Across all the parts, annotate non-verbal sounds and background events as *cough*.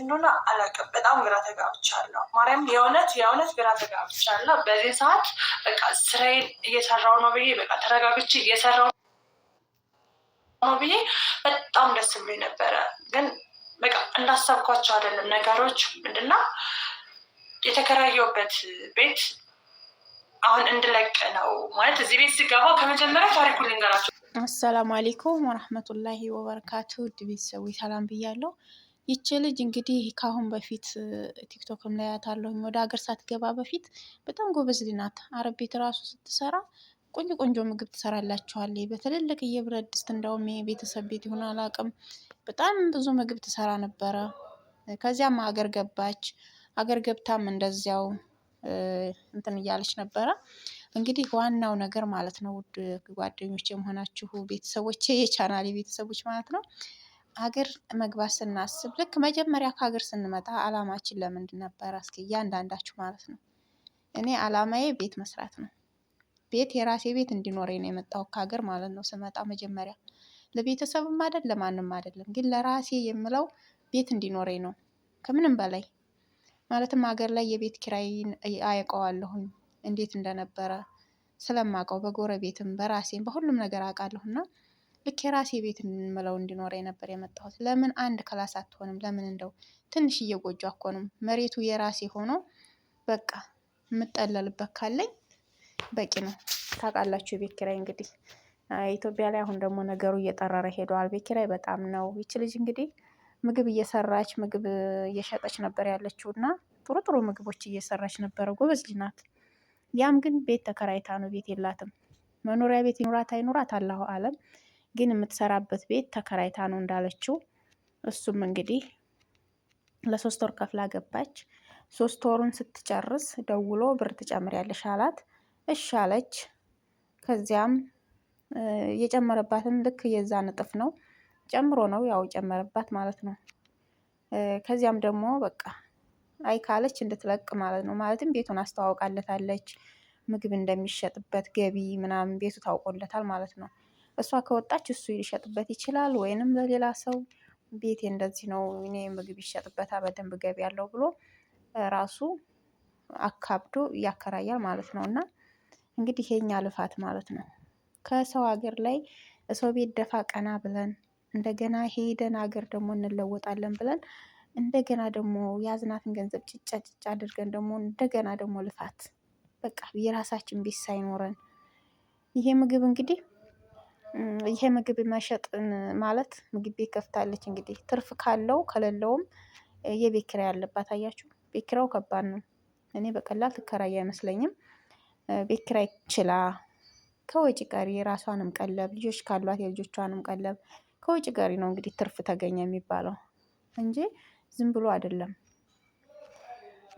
እንደሆነ አላውቅም። በጣም ግራ ተጋብቻለሁ። ማርያም የእውነት የእውነት ግራ ተጋብቻለሁ። በዚህ ሰዓት በቃ ስራዬን እየሰራው ነው ብዬ በቃ ተረጋግቼ እየሰራው ነው ብዬ በጣም ደስ ብሎኝ ነበረ። ግን በቃ እንዳሰብኳቸው አይደለም ነገሮች። ምንድና የተከራየሁበት ቤት አሁን እንድለቅ ነው ማለት እዚህ ቤት ስገባ ከመጀመሪያ ታሪኩ ልንገራቸው። አሰላሙ አሌይኩም ወረህመቱላሂ ወበረካቱ። ውድ ቤተሰቡ ሰላም ብያለሁ። ይቺ ልጅ እንግዲህ ከአሁን በፊት ቲክቶክም ላይ ያታለሁኝ ወደ ሀገር ሳትገባ በፊት በጣም ጎበዝ ናት። አረብ ቤት ራሱ ስትሰራ ቆንጆ ቆንጆ ምግብ ትሰራላችኋለች። በትልልቅ የብረት ድስት እንደውም የቤተሰብ ቤት ይሁን አላውቅም፣ በጣም ብዙ ምግብ ትሰራ ነበረ። ከዚያም አገር ገባች። አገር ገብታም እንደዚያው እንትን እያለች ነበረ። እንግዲህ ዋናው ነገር ማለት ነው ውድ ጓደኞች የመሆናችሁ ቤተሰቦቼ፣ የቻናሌ ቤተሰቦች ማለት ነው ሀገር መግባት ስናስብ ልክ መጀመሪያ ከሀገር ስንመጣ አላማችን ለምንድን ነበር? እስኪ እያንዳንዳችሁ ማለት ነው። እኔ አላማዬ ቤት መስራት ነው። ቤት የራሴ ቤት እንዲኖረኝ ነው የመጣው ከሀገር ማለት ነው። ስመጣ መጀመሪያ ለቤተሰብም አይደል ለማንም አይደለም፣ ግን ለራሴ የምለው ቤት እንዲኖረኝ ነው ከምንም በላይ ማለትም ሀገር ላይ የቤት ኪራይን አያውቀዋለሁኝ እንዴት እንደነበረ ስለማውቀው በጎረቤትም በራሴም በሁሉም ነገር አውቃለሁና ልክ የራሴ ቤት ምለው እንዲኖረኝ ነበር የመጣሁት። ለምን አንድ ክላስ አትሆንም? ለምን እንደው ትንሽዬ ጎጆ አኮንም መሬቱ የራሴ ሆኖ በቃ የምጠለልበት ካለኝ በቂ ነው። ታውቃላችሁ የቤት ኪራይ እንግዲህ ኢትዮጵያ ላይ አሁን ደግሞ ነገሩ እየጠረረ ሄደዋል። ቤት ኪራይ በጣም ነው። ይች ልጅ እንግዲህ ምግብ እየሰራች ምግብ እየሸጠች ነበር ያለችው እና ጥሩ ጥሩ ምግቦች እየሰራች ነበረ። ጎበዝ ልጅ ናት። ያም ግን ቤት ተከራይታ ነው። ቤት የላትም። መኖሪያ ቤት ይኑራት አይኑራት አላሁ አለም። ግን የምትሰራበት ቤት ተከራይታ ነው እንዳለችው። እሱም እንግዲህ ለሶስት ወር ከፍላ ገባች። ሶስት ወሩን ስትጨርስ ደውሎ ብር ትጨምሪያለሽ አላት። እሺ አለች። ከዚያም የጨመረባትን ልክ የዛ ንጥፍ ነው ጨምሮ ነው ያው ጨመረባት ማለት ነው። ከዚያም ደግሞ በቃ አይ ካለች እንድትለቅ ማለት ነው። ማለትም ቤቱን አስተዋውቃለታለች ምግብ እንደሚሸጥበት ገቢ ምናምን ቤቱ ታውቆለታል ማለት ነው። እሷ ከወጣች እሱ ሊሸጥበት ይችላል፣ ወይንም ለሌላ ሰው ቤቴ እንደዚህ ነው እኔ ምግብ ይሸጥበታ በደንብ ገቢ ያለው ብሎ ራሱ አካብዶ ያከራያል ማለት ነው። እና እንግዲህ የኛ ልፋት ማለት ነው ከሰው ሀገር ላይ ሰው ቤት ደፋ ቀና ብለን እንደገና ሄደን ሀገር ደግሞ እንለወጣለን ብለን እንደገና ደግሞ የአዝናትን ገንዘብ ጭጫ ጭጫ አድርገን ደግሞ እንደገና ደግሞ ልፋት በቃ የራሳችን ቤት ሳይኖረን ይሄ ምግብ እንግዲህ ይሄ ምግብ መሸጥን ማለት ምግብ ቤት ከፍታለች። እንግዲህ ትርፍ ካለው ከሌለውም የቤት ኪራይ አለባት። አያችሁ ቤት ከባድ ነው። እኔ በቀላል ትከራይ አይመስለኝም። ቤት ኪራይ ችላ ከወጪ ቀሪ የራሷንም ቀለብ ልጆች ካሏት የልጆቿንም ቀለብ ከወጪ ቀሪ ነው እንግዲህ ትርፍ ተገኘ የሚባለው እንጂ ዝም ብሎ አይደለም።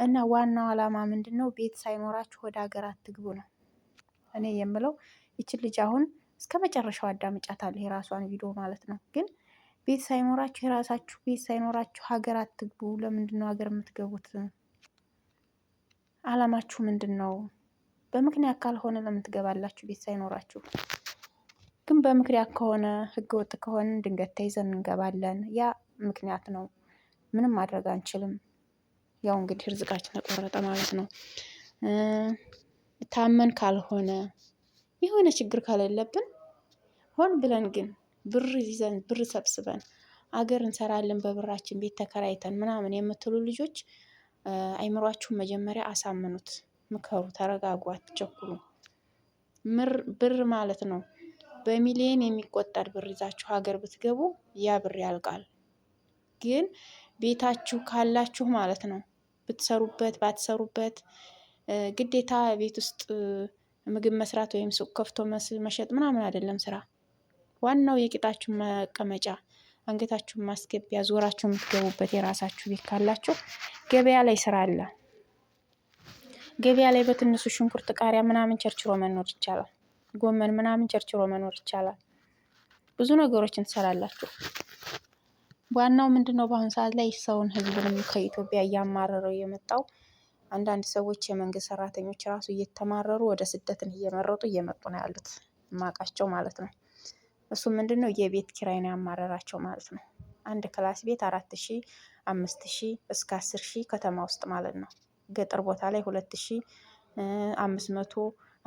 እና ዋናው አላማ ምንድነው? ቤት ሳይኖራችሁ ወደ ሀገር አትግቡ ነው። እኔ የምለው ይቺን ልጅ አሁን እስከ መጨረሻው አዳምጫታለሁ የራሷን ቪዲዮ ማለት ነው። ግን ቤት ሳይኖራችሁ የራሳችሁ ቤት ሳይኖራችሁ ሀገር አትግቡ። ለምንድን ነው ሀገር የምትገቡት? አላማችሁ ምንድን ነው? በምክንያት ካልሆነ ለምን ትገባላችሁ ቤት ሳይኖራችሁ? ግን በምክንያት ከሆነ ህገወጥ ከሆነ ድንገት ተይዘን እንገባለን። ያ ምክንያት ነው። ምንም ማድረግ አንችልም። ያው እንግዲህ ርዝቃችን ተቆረጠ ማለት ነው። ታመን ካልሆነ የሆነ ችግር ከሌለብን ሆን ብለን ግን ብር ይዘን ብር ሰብስበን አገር እንሰራለን በብራችን ቤት ተከራይተን ምናምን የምትሉ ልጆች አይምሯችሁን መጀመሪያ አሳምኑት፣ ምከሩ፣ ተረጋጉ፣ አትቸኩሉ። ብር ማለት ነው በሚሊዮን የሚቆጠር ብር ይዛችሁ ሀገር ብትገቡ ያ ብር ያልቃል። ግን ቤታችሁ ካላችሁ ማለት ነው ብትሰሩበት ባትሰሩበት ግዴታ ቤት ውስጥ ምግብ መስራት ወይም ሱቅ ከፍቶ መሸጥ ምናምን አይደለም ስራ ዋናው የቂጣችሁ መቀመጫ አንገታችሁን ማስገቢያ ዞራችሁ የምትገቡበት የራሳችሁ ቤት ካላችሁ ገበያ ላይ ስራ አለ። ገበያ ላይ በትንሱ ሽንኩርት፣ ቃሪያ ምናምን ቸርችሮ መኖር ይቻላል። ጎመን ምናምን ቸርችሮ መኖር ይቻላል። ብዙ ነገሮችን ትሰራላችሁ። ዋናው ምንድን ነው? በአሁኑ ሰዓት ላይ ሰውን ህዝብንም ከኢትዮጵያ እያማረረው የመጣው አንዳንድ ሰዎች የመንግስት ሰራተኞች ራሱ እየተማረሩ ወደ ስደትን እየመረጡ እየመጡ ነው ያሉት፣ ማቃቸው ማለት ነው። እሱ ምንድን ነው የቤት ኪራይ ነው ያማረራቸው ማለት ነው። አንድ ክላስ ቤት አራት ሺ አምስት ሺ እስከ አስር ሺ ከተማ ውስጥ ማለት ነው። ገጠር ቦታ ላይ ሁለት ሺ አምስት መቶ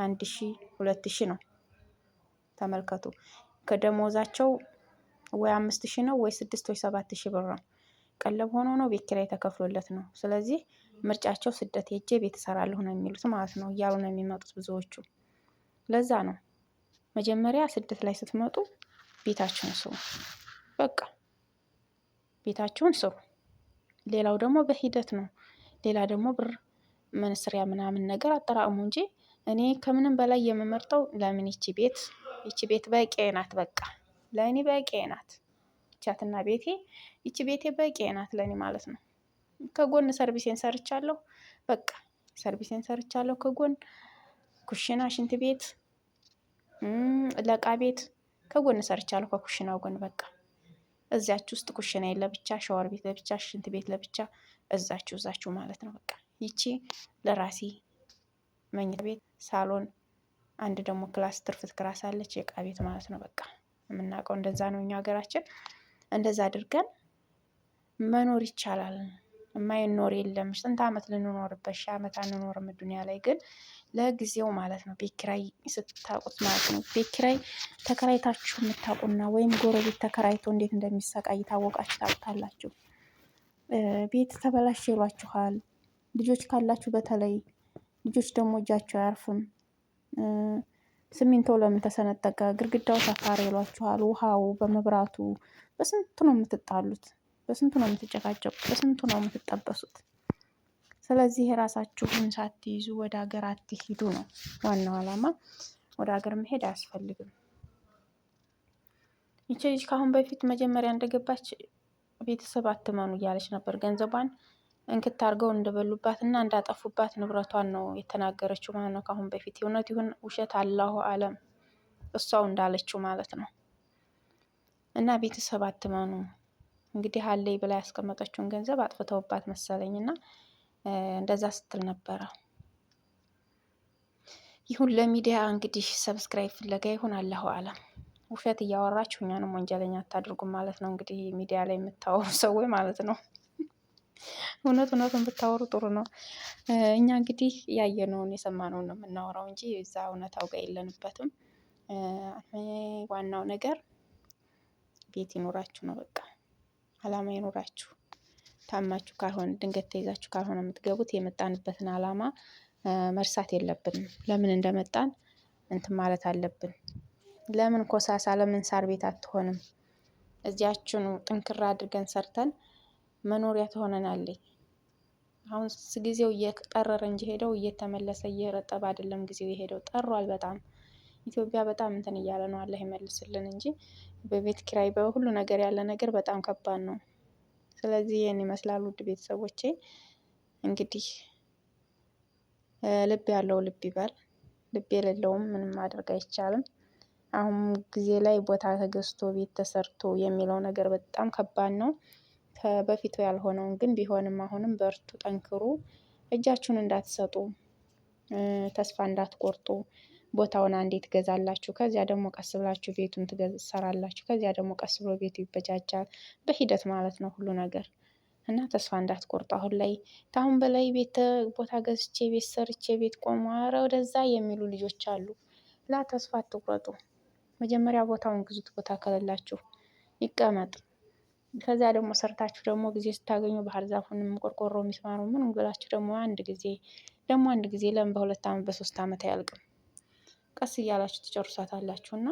አንድ ሺ ሁለት ሺ ነው። ተመልከቱ ከደሞዛቸው ወይ አምስት ሺ ነው ወይ ስድስት ወይ ሰባት ሺ ብር ነው። ቀለብ ሆኖ ነው ቤት ኪራይ ተከፍሎለት ነው። ስለዚህ ምርጫቸው ስደት ሄጄ ቤት እሰራለሁ ነው የሚሉት ማለት ነው እያሉ ነው የሚመጡት ብዙዎቹ። ለዛ ነው መጀመሪያ ስደት ላይ ስትመጡ ቤታችሁን ስሩ። በቃ ቤታችሁን ስሩ። ሌላው ደግሞ በሂደት ነው። ሌላ ደግሞ ብር መንስሪያ ምናምን ነገር አጠራቅሙ እንጂ እኔ ከምንም በላይ የምመርጠው ለምን ይቺ ቤት ይቺ ቤት በቄ ናት። በቃ ለእኔ በቄ ናት። ቻትና ቤቴ ይቺ ቤቴ በቄ ናት ለእኔ ማለት ነው። ከጎን ሰርቪሴን ሰርቻለሁ። በቃ ሰርቪሴን ሰርቻለሁ ከጎን ኩሽና፣ ሽንት ቤት ለቃ ቤት ከጎን ሰርቻለሁ። ከኩሽናው ጎን በቃ እዚያች ውስጥ ኩሽና ለብቻ፣ ሻወር ቤት ለብቻ፣ ሽንት ቤት ለብቻ፣ እዛችሁ እዛችሁ ማለት ነው። በቃ ይቺ ለራሴ መኝታ ቤት፣ ሳሎን፣ አንድ ደግሞ ክላስ ትርፍት ክላስ አለች፣ የእቃ ቤት ማለት ነው። በቃ የምናውቀው እንደዛ ነው እኛ ሀገራችን። እንደዛ አድርገን መኖር ይቻላል። የማይኖር የለም። ስንት አመት ልንኖርበት ሺህ አመት አንኖርም። ዱኒያ ላይ ግን ለጊዜው ማለት ነው። ቤት ኪራይ ስታውቁት ማለት ነው። ቤት ኪራይ ተከራይታችሁ የምታውቁና ወይም ጎረቤት ተከራይቶ እንዴት እንደሚሰቃይ ታወቃችሁ ታውቃላችሁ። ቤት ተበላሽ ይሏችኋል። ልጆች ካላችሁ በተለይ ልጆች ደግሞ እጃቸው አያርፍም። ሲሚንቶ ለምን ተሰነጠቀ፣ ግድግዳው ሰፋሪ ይሏችኋል። ውሃው በመብራቱ በስንቱ ነው የምትጣሉት፣ በስንቱ ነው የምትጨቃጨቁት፣ በስንቱ ነው የምትጠበሱት። ስለዚህ የራሳችሁን ሳትይዙ ወደ ሀገር አትሂዱ ነው ዋናው አላማ። ወደ ሀገር መሄድ አያስፈልግም። ይቺ ልጅ ከአሁን በፊት መጀመሪያ እንደገባች ቤተሰብ አትመኑ እያለች ነበር። ገንዘቧን እንክት አድርገው እንደበሉባት እና እንዳጠፉባት ንብረቷን ነው የተናገረችው ማለት ነው። ከአሁን በፊት የእውነት ይሁን ውሸት አላሁ አለም፣ እሷው እንዳለችው ማለት ነው። እና ቤተሰብ አትመኑ እንግዲህ አለይ ብላ ያስቀመጠችውን ገንዘብ አጥፍተውባት መሰለኝ እና እንደዛ ስትል ነበረ። ይሁን ለሚዲያ እንግዲህ ሰብስክራይብ ፍለጋ ይሁን አለሁ አለም ውሸት እያወራችሁ እኛንም ወንጀለኛ አታድርጉ ማለት ነው። እንግዲህ ሚዲያ ላይ የምታወሩ *laughs* ሰዎች ማለት ነው። እውነት እውነቱን ብታወሩ ጥሩ ነው። እኛ እንግዲህ ያየነውን የሰማነውን ነው የምናወራው እንጂ እዛ እውነታው ጋር የለንበትም። ዋናው ነገር ቤት ይኖራችሁ ነው። በቃ አላማ ይኖራችሁ። ታማችሁ ካልሆነ ድንገት ተይዛችሁ ካልሆነ የምትገቡት የመጣንበትን ዓላማ መርሳት የለብንም። ለምን እንደመጣን እንትን ማለት አለብን። ለምን ኮሳሳ፣ ለምን ሳር ቤት አትሆንም? እዚያችኑ ጥንክራ አድርገን ሰርተን መኖሪያ ትሆነናለች። አሁን ጊዜው እየጠረረ እንጂ ሄደው እየተመለሰ እየረጠበ አይደለም። ጊዜው የሄደው ጠሯል በጣም ኢትዮጵያ በጣም እንትን እያለ ነው። አላህ ይመልስልን እንጂ በቤት ኪራይ በሁሉ ነገር ያለ ነገር በጣም ከባድ ነው። ስለዚህ ይህን ይመስላል ውድ ቤተሰቦቼ። እንግዲህ ልብ ያለው ልብ ይበል፣ ልብ የሌለውም ምንም ማድረግ አይቻልም። አሁን ጊዜ ላይ ቦታ ተገዝቶ ቤት ተሰርቶ የሚለው ነገር በጣም ከባድ ነው። ከበፊቱ ያልሆነውን ግን ቢሆንም አሁንም በርቱ፣ ጠንክሩ፣ እጃችሁን እንዳትሰጡ፣ ተስፋ እንዳትቆርጡ ቦታውን አንዴ ትገዛላችሁ። ከዚያ ደግሞ ቀስ ብላችሁ ቤቱን ትሰራላችሁ። ከዚያ ደግሞ ቀስ ብሎ ቤቱ ይበጃጃል። በሂደት ማለት ነው ሁሉ ነገር እና ተስፋ እንዳትቆርጡ። አሁን ላይ ከአሁን በላይ ቤት ቦታ ገዝቼ ቤት ሰርቼ ቤት ቆሞ አረ ወደዛ የሚሉ ልጆች አሉ። ላ ተስፋ አትቁረጡ። መጀመሪያ ቦታውን ግዙት። ቦታ ከሌላችሁ ይቀመጥ። ከዚያ ደግሞ ሰርታችሁ ደግሞ ጊዜ ስታገኙ ባህር ዛፉንም ቆርቆሮ የሚስማሩ ምን ብላችሁ ደግሞ አንድ ጊዜ ደግሞ አንድ ጊዜ ለምን በሁለት ዓመት በሶስት ዓመት አያልቅም? ቀስ እያላችሁ እና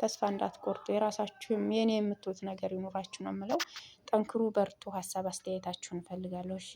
ተስፋ እንዳትቆርጡ የራሳችሁም የኔ የምትሉት ነገር ይኑራችሁ ነው የምለው። ጠንክሩ፣ በርቱ። ሀሳብ አስተያየታችሁን እፈልጋለሁ። እሺ